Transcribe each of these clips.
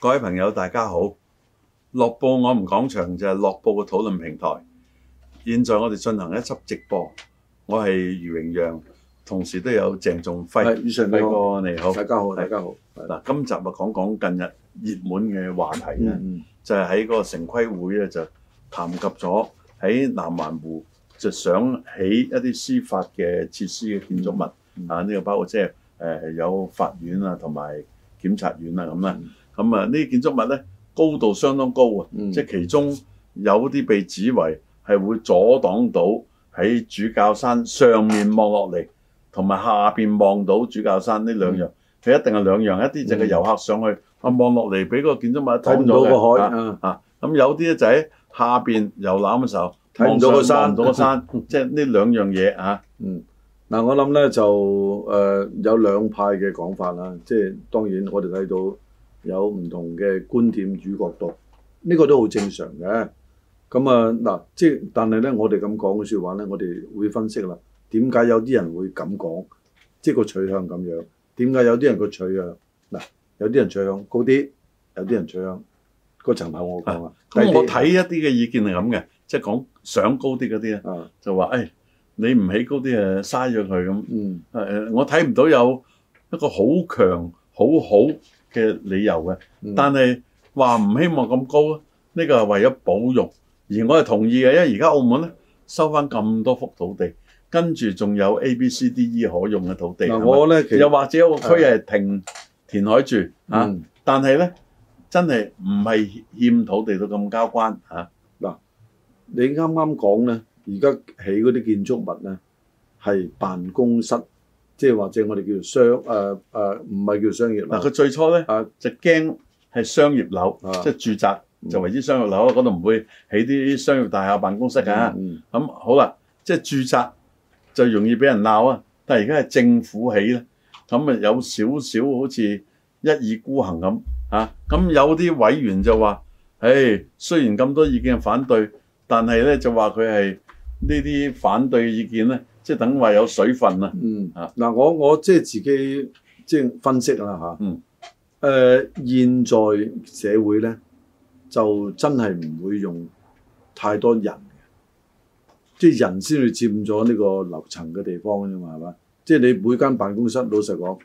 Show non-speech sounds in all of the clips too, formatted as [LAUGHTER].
各位朋友，大家好！樂報我唔講場就係樂報嘅討論平台。現在我哋進行一輯直播。我係余榮陽，同時都有鄭仲輝。以上呢個你，你好，大家好，大家好。嗱，今集啊講講近日熱門嘅話題咧，就係、是、喺個城規會咧就談及咗喺南灣湖就想起一啲司法嘅設施嘅建築物啊，呢個包括即係誒有法院啊同埋檢察院啊咁啦咁、嗯、啊！築呢啲建築物咧高度相當高啊，即、嗯、係其中有啲被指為係會阻擋到喺主教山上面望落嚟，同、嗯、埋下邊望到主教山呢兩樣，佢、嗯、一定係兩樣。一啲就係遊客上去啊，望落嚟俾嗰個建築物睇唔到個海啊，咁、啊啊、有啲就喺下邊遊覽嘅時候睇唔到個山，睇唔到個山，山 [LAUGHS] 即係呢兩樣嘢啊。嗯，嗱、嗯、我諗咧就誒、呃、有兩派嘅講法啦，即、就、係、是、當然我哋睇到。有唔同嘅觀點與角度，呢個都好正常嘅。咁啊，嗱，即係但係咧，我哋咁講嘅説話咧，我哋會分析啦。點解有啲人會咁講？即係個取向咁樣。點解有啲人個取向嗱？有啲人取向高啲，有啲人取向層樓我講啊。咁我睇一啲嘅意見係咁嘅，即係講想高啲嗰啲啊，就話誒、哎、你唔起高啲啊，嘥咗佢咁。誒我睇唔到有一個好強、好好，嘅理由嘅，但係話唔希望咁高，呢個係為咗保育。而我係同意嘅，因為而家澳門咧收翻咁多幅土地，跟住仲有 A、B、C、D、E 可用嘅土地。嗱，我咧又或者個區係停填海住嚇，但係咧真係唔係欠土地都咁交關嚇。嗱，你啱啱講咧，而家起嗰啲建築物咧係辦公室。即係或者我哋叫做商誒誒，唔、啊、係、啊、叫商業樓。嗱、啊，佢最初咧誒、啊、就驚係商業樓，即、啊、係、就是、住宅就為之商業樓啦。嗰度唔會起啲商業大廈辦公室㗎。咁、嗯嗯、好啦，即、就、係、是、住宅就容易俾人鬧啊。但係而家係政府起咧，咁啊有少少好似一意孤行咁嚇。咁、啊、有啲委員就話：，誒雖然咁多意見係反對，但係咧就話佢係呢啲反對意見咧。即係等話有水分啊！嗯，嗱，我我即係自己即係分析啦吓，嗯，誒、呃，現在社會咧就真係唔會用太多人嘅，即係人先至佔咗呢個樓層嘅地方啫嘛，係嘛？即係你每間辦公室，老實講，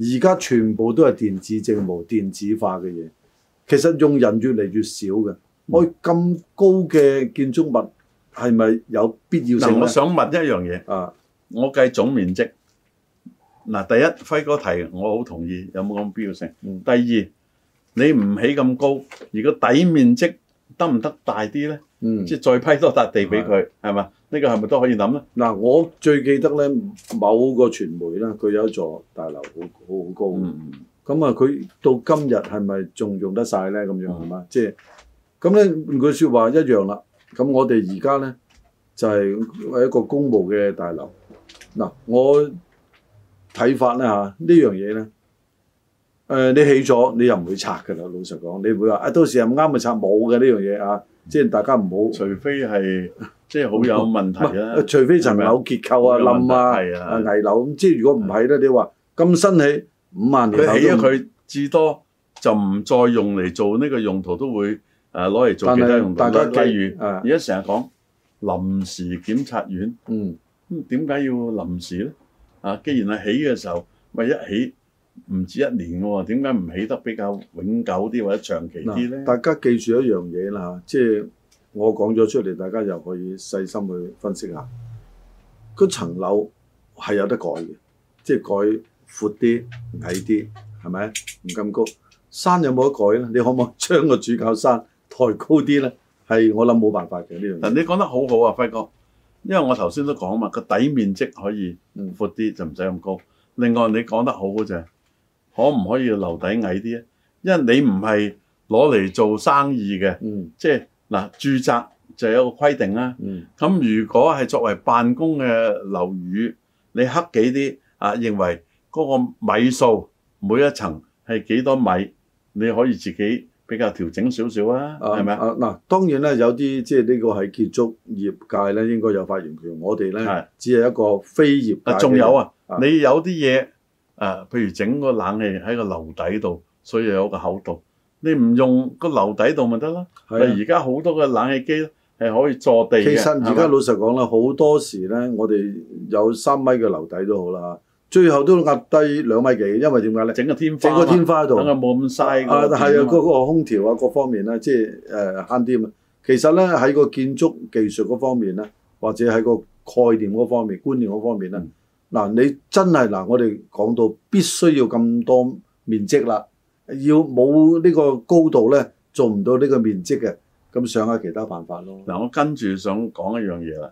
而家全部都係電子政務、電子化嘅嘢，其實用人越嚟越少嘅，我咁高嘅建築物。嗯嗯係咪有必要性？我想問一樣嘢。啊，我計總面積。嗱，第一輝哥提，我好同意，有冇咁必要性？嗯。第二，你唔起咁高，如果底面積得唔得大啲咧？嗯。即係再批多笪地俾佢，係嘛？呢個係咪都可以諗咧？嗱、啊，我最記得咧，某個傳媒啦，佢有一座大樓，好好高。嗯嗯。咁啊，佢到今日係咪仲用得晒咧？咁、嗯、樣係嘛、嗯？即係咁咧，嗱句説話一樣啦。咁我哋而家咧就係、是、一個公務嘅大樓。嗱，我睇法呢，嚇、啊這個、呢樣嘢咧，你起咗你又唔會拆㗎啦。老實講，你唔會話啊，到時又啱咪拆冇嘅呢樣嘢啊。即、就、係、是、大家唔好，除非係即係好有問題 [LAUGHS] 除非層樓結構啊、冧啊、啊、啊、啊、危樓咁。即係如果唔係咧，你話咁新起五萬年，佢起啊，佢至多就唔再用嚟做呢個用途都會。誒攞嚟做其他用途啦。大家記住，例如，而家成日講臨時檢察院，嗯，咁點解要臨時咧？啊，既然係起嘅時候，咪一起唔止一年喎，點解唔起得比較永久啲或者長期啲咧？大家記住一樣嘢啦，即係我講咗出嚟，大家又可以細心去分析一下，嗰層樓係有得改嘅，即係改闊啲、矮啲，係咪？唔咁高，山有冇得改咧？你可唔可以將個主教山，抬高啲呢，係我諗冇辦法嘅呢樣嘢。嗱，你講得好好啊，輝哥，因為我頭先都講嘛，個底面積可以闊啲、嗯、就唔使咁高。另外你講得好嗰、就、陣、係，可唔可以樓底矮啲啊？因為你唔係攞嚟做生意嘅，即係嗱，住宅就有個規定啦、啊。咁、嗯、如果係作為辦公嘅樓宇，你黑幾啲啊？認為嗰個米數每一層係幾多米，你可以自己。比較調整少少啊，係咪啊？嗱、啊啊，當然咧，有啲即係呢個係建築業界咧，應該有發言權。我哋咧、啊、只係一個非業界。啊，仲有啊，啊！你有啲嘢誒，譬如整個冷氣喺個樓底度，所以有個厚度。你唔用個樓底度咪得啦？係而家好多個冷氣機係可以坐地。其實而家老實講啦，好多時咧，我哋有三米嘅樓底都好啦。最後都壓低兩米幾，因為點解咧？整個天花、啊，整個天花度，等下冇咁嘥。啊，係啊，嗰、嗰個空調啊，各方面咧，即係誒慳啲啊。其實咧，喺個建築技術嗰方面咧，或者喺個概念嗰方面、觀念嗰方面咧，嗱、嗯啊，你真係嗱、啊，我哋講到必須要咁多面積啦，要冇呢個高度咧，做唔到呢個面積嘅，咁想下其他辦法咯。嗱、啊，我跟住想講一樣嘢啦。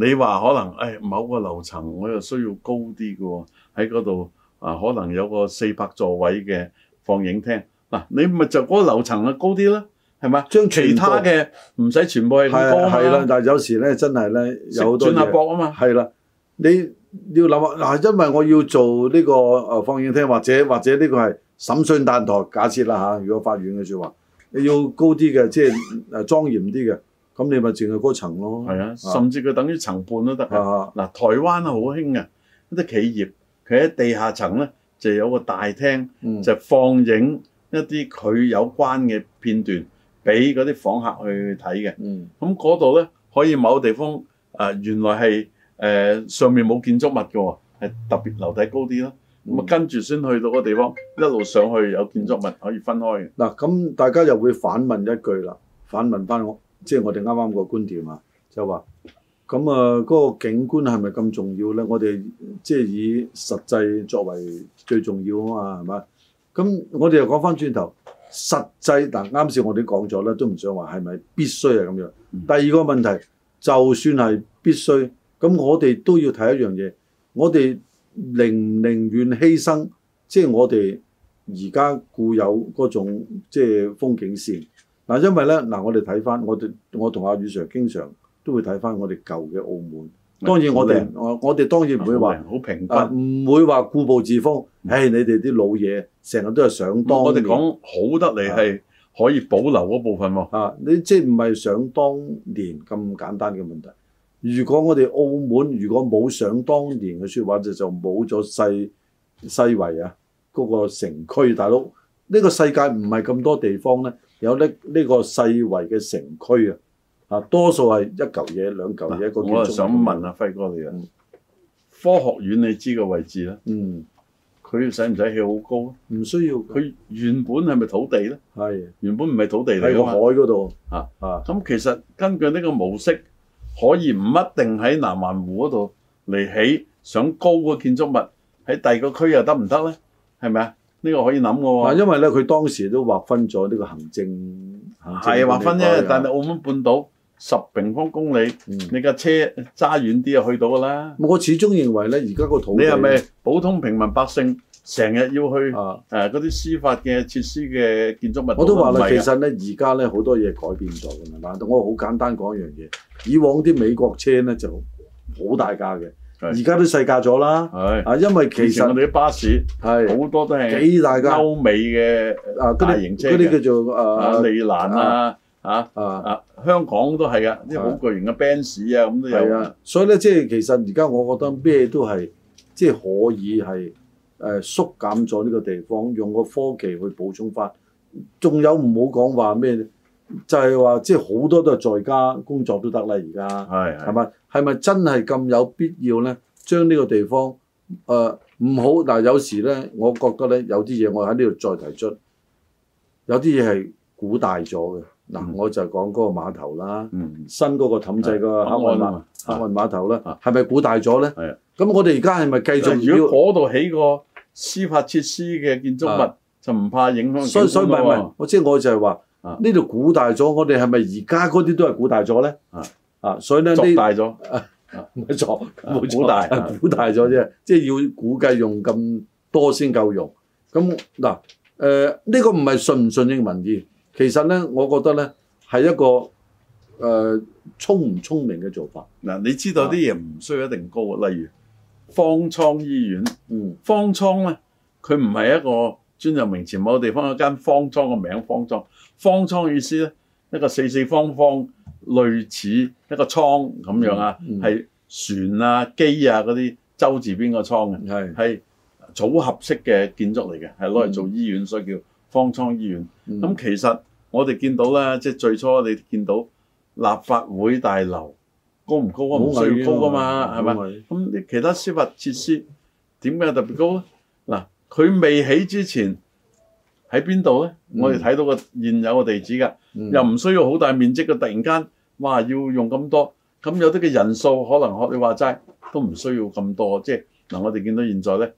你話可能誒、哎、某個樓層我又需要高啲嘅喎，喺嗰度啊，可能有個四百座位嘅放映廳嗱、啊，你咪就嗰個樓層啊高啲啦，係咪？將其他嘅唔使全部係咁高啦。係係啦。係啦、啊啊，但係有時咧真係咧有好多嘢。轉下博啊嘛。係啦、啊，你要諗下，嗱、啊，因為我要做呢個誒放映廳，或者或者呢個係審訊彈台，假設啦、啊、如果法院嘅説話，你要高啲嘅，即係誒莊嚴啲嘅。咁你咪淨係嗰層咯，啊、啊，甚至佢等於層半都得啊。嗱、啊，台灣啊好興啊，一啲企業佢喺地下層咧就有一個大廳、嗯，就放映一啲佢有關嘅片段俾嗰啲訪客去睇嘅。咁嗰度咧可以某個地方、呃、原來係、呃、上面冇建築物嘅喎，係特別樓底高啲咯。咁、嗯、啊，跟住先去到嗰地方，一路上去，有建築物可以分開嘅。嗱、啊，咁大家又會反問一句啦，反問翻我。即係我哋啱啱個觀點啊，就話咁啊，嗰個景觀係咪咁重要咧？我哋即係以實際作為最重要啊嘛，係嘛？咁我哋又講翻轉頭，實際嗱啱先，我哋講咗呢，都唔想話係咪必須係咁樣。第二個問題，就算係必須，咁我哋都要睇一樣嘢，我哋寧唔寧願犧牲，即係我哋而家固有嗰種即係風景線？嗱、啊，因為咧，嗱、啊，我哋睇翻我哋，我同阿宇 Sir 經常都會睇翻我哋舊嘅澳門。當然我哋，我哋當然唔會話好、啊、平，唔、啊、會話固步自封。誒、嗯哎，你哋啲老嘢成日都係想當年。我哋講好得嚟係可以保留嗰部分喎、啊啊。你即係唔係想當年咁簡單嘅問題？如果我哋澳門如果冇想當年嘅說話，就就冇咗西西圍啊嗰、那個城區。大佬，呢、這個世界唔係咁多地方咧。有呢呢個細圍嘅城區啊，多數係一嚿嘢、兩嚿嘢、啊、一個建築物。我想問啊，輝哥你、嗯，科學院你知個位置啦。嗯，佢使唔使起好高啊？唔需要高。佢原本係咪土地咧？係。原本唔係土地嚟個海嗰度。啊啊咁其實根據呢個模式，可以唔一定喺南灣湖嗰度嚟起想高個建築物，喺第二個區又得唔得咧？係咪啊？呢、呢個可以諗㗎喎。因為咧，佢當時都劃分咗呢個行政，係劃分啫。但係澳門半島十平方公里，嗯、你架車揸遠啲又去到㗎啦、嗯。我始終認為咧，而家個土地你係咪普通平民百姓成日要去誒嗰啲司法嘅設施嘅建築物？我都話啦、啊，其實咧，而家咧好多嘢改變咗。嗱，我好簡單講一樣嘢。以往啲美國車咧就好大架嘅。而家都細價咗啦，啊，因為其實我哋啲巴士係好多都係幾大嘅歐美嘅啊大型車，嗰啲叫做啊利蘭啊，啊啊，啊，啊，啊，啊香港都係啊啲好巨型嘅 Benz 啊咁都有，啊。所以咧即係其實而家我覺得咩都係即係可以係誒、呃、縮減咗呢個地方，用個科技去補充翻，仲有唔好講話咩，就係話即係好多都係在家工作都得啦而家，係係咪？是是是係咪真係咁有必要咧？將呢個地方誒唔、呃、好嗱、呃？有時咧，我覺得咧有啲嘢我喺呢度再提出，有啲嘢係估大咗嘅嗱，我就講嗰個碼頭啦，嗯、新嗰個氹仔個口岸碼客運碼頭啦，係咪估大咗咧？咁我哋而家係咪繼續要？如果嗰度起個司法設施嘅建築物，就唔怕影響、啊。所以所以唔係唔係，我即係我就係話呢度估大咗，我哋係咪而家嗰啲都係估大咗咧？啊，所以咧，作大咗，唔、啊、係、啊、錯，冇大，估大咗啫、啊，即係要估計用咁多先夠用。咁嗱，誒、呃，呢、這個唔係順唔順應民意，其實咧，我覺得咧係一個誒、呃、聰唔聰明嘅做法。嗱、啊，你知道啲嘢唔需要一定高，啊、例如方艙醫院，嗯、方艙咧，佢唔係一個專有名詞，某個地方有間方艙嘅名，方艙。方艙意思咧，一個四四方方。類似一個倉咁樣啊，係、嗯嗯、船啊、機啊嗰啲周字邊個倉啊？係係組合式嘅建築嚟嘅，係攞嚟做醫院、嗯，所以叫方倉醫院。咁、嗯、其實我哋見到咧，即、就、係、是、最初你見到立法會大樓高唔高啊？好、嗯、需要高啊嘛，係、嗯、咪？咁、嗯、其他司法設施點解特別高咧？嗱、嗯，佢未起之前喺邊度咧？我哋睇到個現有嘅地址㗎、嗯，又唔需要好大面積嘅，突然間。哇！要用咁多，咁有啲嘅人數可能學你話齋都唔需要咁多，即係嗱、啊，我哋見到現在咧，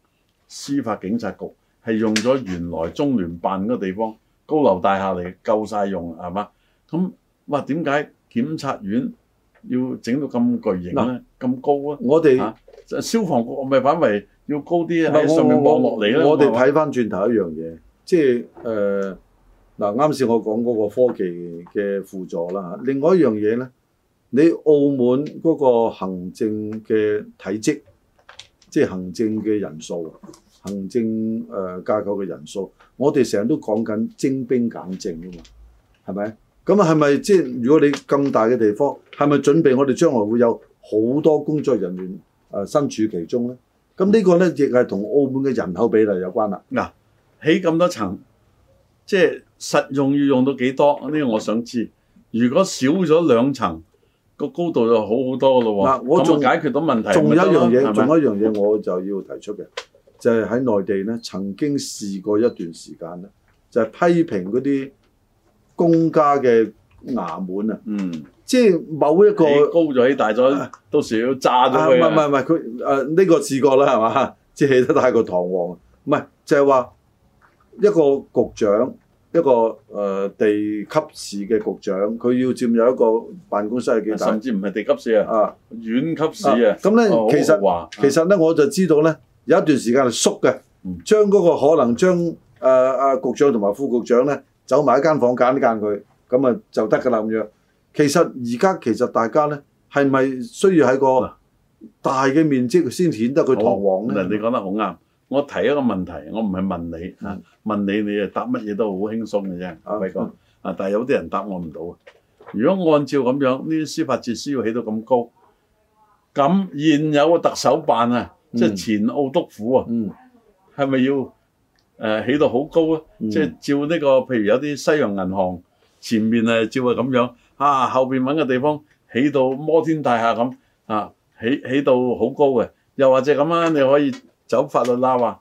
司法警察局係用咗原來中聯辦嗰個地方高樓大廈嚟，夠晒用係嘛？咁哇，點解、啊、檢察院要整到咁巨型咧？咁高啊？我哋消防局咪反為要高啲喺上面望落嚟咧？我哋睇翻轉頭一樣嘢，即係誒。呃嗱啱先我講嗰個科技嘅輔助啦，另外一樣嘢咧，你澳門嗰個行政嘅體積，即係行政嘅人數，行政誒架構嘅人數，我哋成日都講緊精兵簡政啊嘛，係咪？咁係咪即係如果你咁大嘅地方，係咪準備我哋將來會有好多工作人員誒身處其中咧？咁呢個咧亦係同澳門嘅人口比例有關啦。嗱，起咁多層，即係。實用要用到幾多？呢個我想知。如果少咗兩層，個高度就好好多咯喎。嗱、啊，我仲解決到問題仲有一樣嘢，仲有一樣嘢，我就要提出嘅，就係、是、喺內地咧曾經試過一段時間咧，就係、是、批評嗰啲公家嘅衙門啊。嗯，即、就、係、是、某一個高咗起大咗、啊，到時要炸咗唔係唔係唔係，佢誒呢個試過啦，係嘛？即係起得太過堂皇，唔係就係、是、話一個局長。一個誒地級市嘅局長，佢要佔有一個辦公室係幾大？甚至唔係地級市啊，啊，縣級市啊。咁、啊、咧、哦，其實、哦、其實咧，我就知道咧、嗯，有一段時間係縮嘅，將嗰個可能將誒、呃、局長同埋副局長咧，走埋一間房揀一間佢，咁啊就得㗎啦咁樣。其實而家其實大家咧，係咪需要喺個大嘅面積先顯得佢堂皇咧、哦？你講得好啱。我提一個問題，我唔係問你，問你你誒答乜嘢都好輕鬆嘅啫，輝、嗯、哥。啊，啊嗯、但係有啲人答我唔到。如果按照咁樣，呢啲司法設施要起到咁高，咁現有嘅特首辦啊，嗯、即係前澳督府啊，係、嗯、咪要、呃、起到好高啊？嗯、即係照呢、這個，譬如有啲西洋銀行前面啊，照係咁樣，啊後面揾個地方起到摩天大廈咁，啊起起到好高嘅，又或者咁樣，你可以。走法律啦，啊！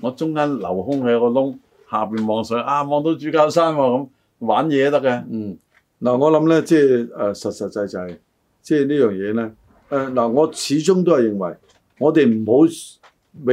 我中間留空係個窿，下面望上，啊，望到主教山喎、啊、咁玩嘢得嘅。嗯，嗱我諗咧，即係誒、呃、實實際就係、即係呢樣嘢咧。嗱、呃呃，我始終都係認為，我哋唔好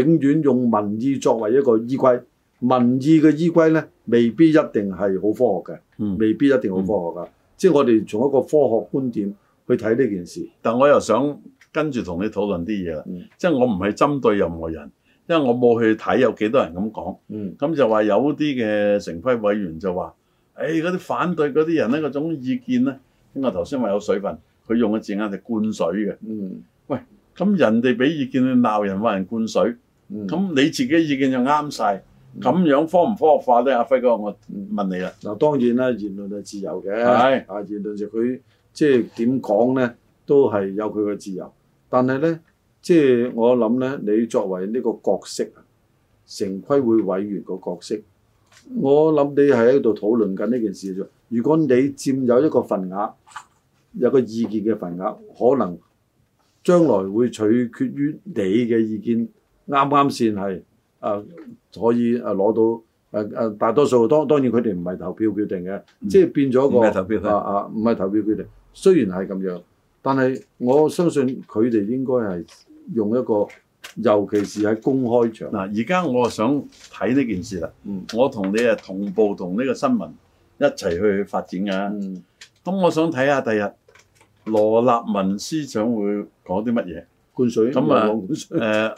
永遠用民意作為一個依歸。民意嘅依歸咧，未必一定係好科學嘅，嗯、未必一定好科學㗎。嗯、即係我哋從一個科學觀點去睇呢件事。但我又想。跟住同你討論啲嘢啦，即係我唔係針對任何人，因為我冇去睇有幾多人咁講，咁、嗯、就話有啲嘅城規委員就話，誒嗰啲反對嗰啲人咧，嗰種意見咧，我頭先話有水分。佢用嘅字眼係灌水嘅。嗯，喂，咁人哋俾意見去鬧人話人灌水，咁、嗯、你自己意見就啱晒。咁、嗯、樣科唔科學化咧？阿輝哥，我問你啦。嗱，當然啦，言論就自由嘅，係啊，言論就佢即係點講咧，都係有佢嘅自由。但係咧，即係我諗咧，你作為呢個角色啊，城規會委員個角色，我諗你係喺度討論緊呢件事啫。如果你佔有一個份額，有個意見嘅份額，可能將來會取決於你嘅意見啱唔啱先。係、啊、可以攞到、啊、大多數。當當然佢哋唔係投票決定嘅、嗯，即係變咗個投票啊啊，唔、啊、係投票決定。雖然係咁樣。但係我相信佢哋應該係用一個，尤其是喺公開場嗱。而家我想睇呢件事啦。嗯，我同你啊同步同呢個新聞一齊去發展㗎。嗯，咁我想睇下第日羅立文司長會講啲乜嘢？灌水咁啊水、呃？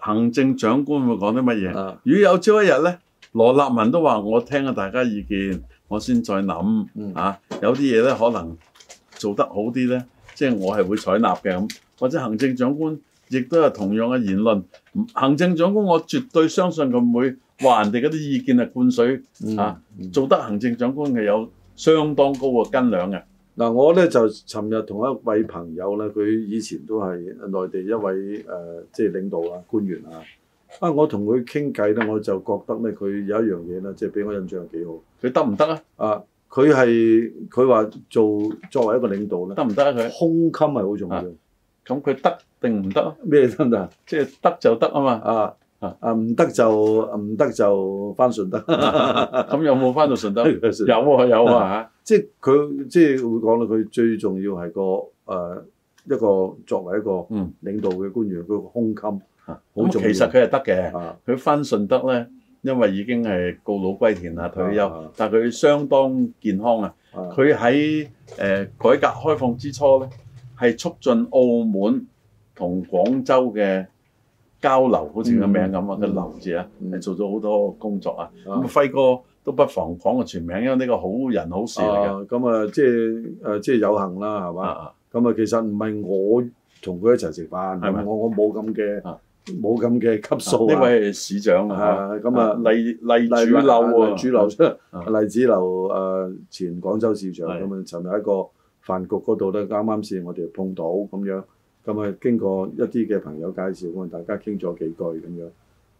行政長官會講啲乜嘢？啊，如果有朝一日咧，羅立文都話：我聽下大家意見，我先再諗、嗯、啊。有啲嘢咧，可能做得好啲咧。即係我係會採納嘅，咁，或者行政長官亦都有同樣嘅言論。行政長官我絕對相信佢唔會話人哋嗰啲意見係灌水嚇，嗯嗯啊。做得行政長官係有相當高嘅斤兩嘅。嗱、嗯，我咧就尋日同一位朋友咧，佢以前都係內地一位誒，即、呃、係、即係、領導啊，官員啊。啊，我同佢傾偈咧，我就覺得咧，佢有一樣嘢咧，即係俾我印象係幾好。佢得唔得啊？啊！佢係佢話做作為一個領導咧，得唔得啊？佢胸襟係好重要。咁佢得定唔得啊？咩得啊？即係得就得嘛啊嘛啊啊，唔得就唔得，就翻順德。咁 [LAUGHS] [LAUGHS] 有冇翻到順德？ [LAUGHS] 有啊有啊，啊，啊即係佢即係會講到，佢最重要係個、呃、一個作為一個領導嘅官員，佢、嗯、個胸襟好、啊、重要、啊。其實佢係得嘅。佢、啊、翻順德咧。因為已經係告老歸田啦、啊，退休，啊、但係佢相當健康了啊！佢喺誒改革開放之初咧，係促進澳門同廣州嘅交流，好似個名咁啊，個留住啊，係、嗯、做咗好多工作啊！咁輝哥都不妨講個全名，因為呢個好人好事嚟嘅。咁啊，即係誒，即係、呃、有幸啦，係嘛？咁啊，啊，其實唔係我同佢一齊食飯，係咪？我我冇咁嘅。啊冇咁嘅級數因、啊、為、啊、市長啊，咁啊，黎黎、啊啊、子流、啊啊、子流出、啊，黎子流啊，前廣州市長咁啊，尋日一個飯局嗰度咧，啱啱先我哋碰到咁樣，咁啊，經過一啲嘅朋友介紹，咁啊，大家傾咗幾句咁樣。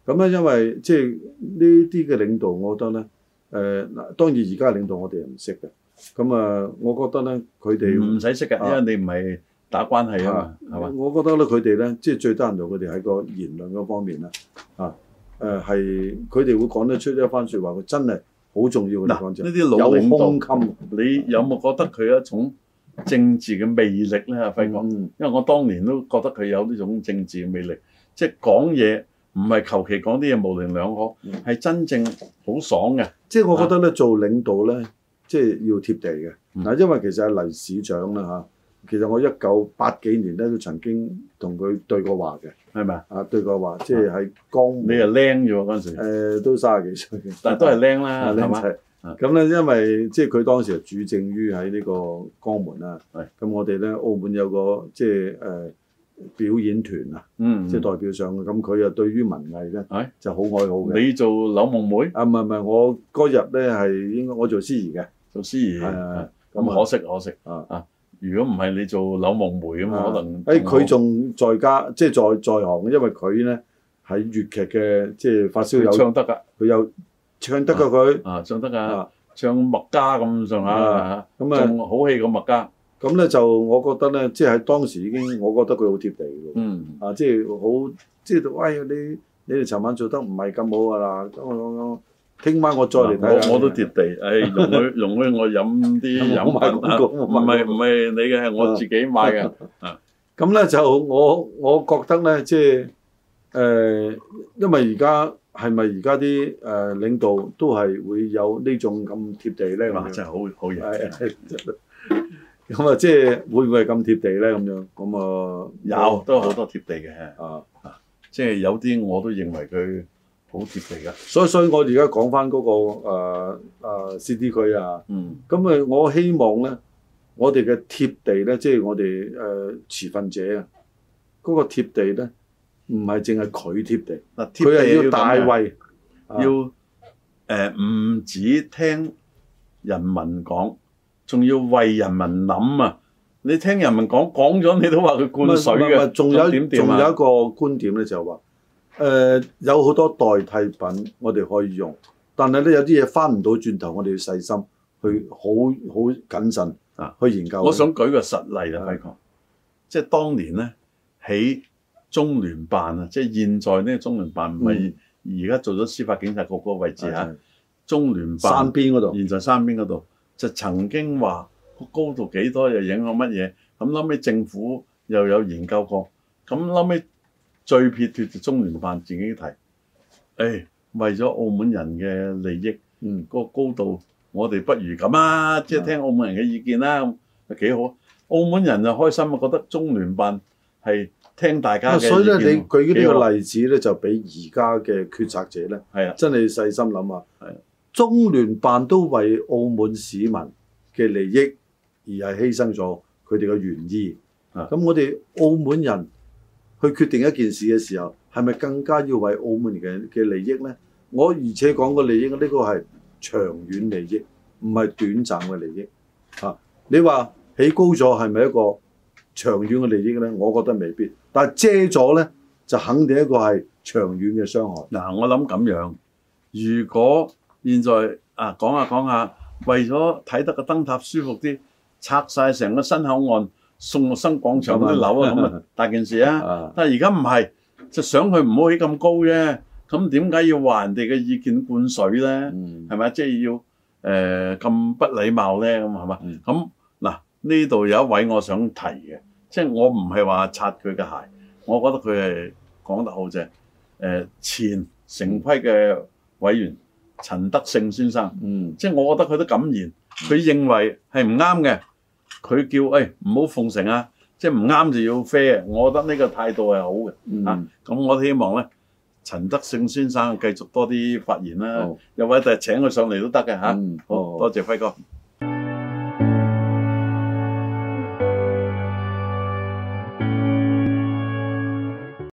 咁咧，因為即係呢啲嘅領導，我呢、呃領導我，我覺得咧，誒嗱，當然而家領導我哋係唔識嘅。咁啊，我覺得咧，佢哋唔使識嘅。因為你唔係。打關係啊嘛，係嘛？我覺得咧，佢哋咧，即係最得人道。佢哋喺個言論嗰方面咧，啊誒係佢哋會講得出一番説話，佢真係好重要的。呢、啊、啲老胸襟領導，你有冇覺得佢一種政治嘅魅力咧？阿輝哥，因為我當年都覺得佢有呢種政治嘅魅力，即係講嘢唔係求其講啲嘢模棱兩可，係、嗯、真正好爽嘅。即、啊、係、就是、我覺得咧，做領導咧，即、就、係、是、要貼地嘅。嗱、嗯，因為其實係黎市長啦嚇。啊其實我一九八幾年咧都曾經同佢對過話嘅，係咪啊？對過話，即係喺江門你啊靚咗嗰陣時，誒、呃、都三十幾歲歲但都係靚啦，僆咁咧，因為即係佢當時主政於喺呢個江門啦。咁，我哋咧澳門有個即係誒表演團啊，嗯，嗯，即係代表上嘅。咁佢啊對於文藝咧、哎、就好愛好嘅。你做柳夢梅？啊唔係唔係我嗰日咧係應該我做司儀嘅，做司儀。誒、啊、咁可惜可惜啊啊！啊如果唔係你做柳夢梅咁、啊、可能誒佢仲在家，即、就、係、是、在在，在行，因為佢咧喺粵劇嘅即係發燒友，唱得㗎，佢又唱得過佢啊，啊，唱得㗎、啊啊，唱麥嘉咁上下，咁啊仲、嗯啊嗯、好戲過麥嘉。咁、嗯、咧就我覺得咧，即、就、係、是、當時已經，我覺得佢好貼地喎。嗯。啊，即係好，即係話你你哋尋晚做得唔係咁好㗎啦，咁我講聽晚我再嚟睇我，我都貼地，唉、 [LAUGHS] 哎，容許容許我飲啲飲埋。唔係唔係你嘅，係 [LAUGHS] 我自己買嘅。啊，咁咧就我我覺得咧，即係誒，因為而家係咪而家啲誒領導都係會有呢種咁貼地咧？哇！真係好好嘢。咁啊，即係會唔會係咁貼地咧？咁樣咁啊，有都好多貼地嘅啊，即係有啲我都認為佢。好貼地㗎，所以所以我而家講翻嗰個誒、呃呃、CD 區啊，咁、嗯、誒我希望咧，我哋嘅貼地咧，即、就、係、是、我哋誒、呃、持份者啊，嗰、那個貼地咧，唔係淨係佢貼地，佢係要大衞、啊，要誒唔、呃、止聽人民講，仲要為人民諗啊！你聽人民講講咗，說了你都話佢灌水嘅、啊，仲有仲、啊、有一個觀點咧，就話。誒、呃、有好多代替品，我哋可以用，但係咧有啲嘢翻唔到轉頭，我哋要細心去好好謹慎啊，去研究。我想舉個實例啦，即、啊、係、就是、當年咧喺中聯辦啊，即、就、係、是、現在呢個中聯辦唔係而家做咗司法警察局個位置啊，中聯辦山邊嗰度，現在山邊嗰度就曾經話個高度幾多又影響乜嘢，咁後尾政府又有研究過，咁後尾。最撇脱就中聯辦自己提，誒，為咗澳門人嘅利益，嗯，個高度，我哋不如咁啊，即係聽澳門人嘅意見啦，幾好啊！澳門人就開心啊，覺得中聯辦係聽大家嘅意見，啊，所以呢你舉幾個例子咧，就俾而家嘅決策者咧，係啊，真係細心諗下，係啊，中聯辦都為澳門市民嘅利益而係犧牲咗佢哋嘅原意，啊，咁我哋澳門人，去決定一件事嘅時候，係咪更加要為澳門嘅嘅利益呢？我而且講個利益，呢個係長遠利益，唔係短暫嘅利益。吓，你話起高咗係咪一個長遠嘅利益呢？我覺得未必。但係遮咗呢，就肯定一個係長遠嘅傷害。嗱，我諗咁樣，如果現在啊講下講下，為咗睇得個燈塔舒服啲，拆晒成個新口岸。送生廣場嗰啲樓啊，咁 [LAUGHS] 啊大件事啊， [LAUGHS] 但係而家唔係就想佢唔好起咁高啫，咁點解要話人哋嘅意見灌水咧？係咪即係要誒咁、呃、不禮貌咧？咁係嘛？咁、嗯、嗱，呢度有一位我想提嘅，即係我唔係話擦佢嘅鞋，我覺得佢係講得好啫。誒、呃、前城規嘅委員陳德勝先生，嗯，即係我覺得佢都敢言，佢認為係唔啱嘅。佢叫誒唔好奉承啊，即係唔啱就要飛啊。我覺得呢個態度係好嘅咁、嗯啊、我希望咧，陳德勝先生繼續多啲發言啦、啊哦。有位就請佢上嚟都得嘅、啊嗯、好多謝輝哥。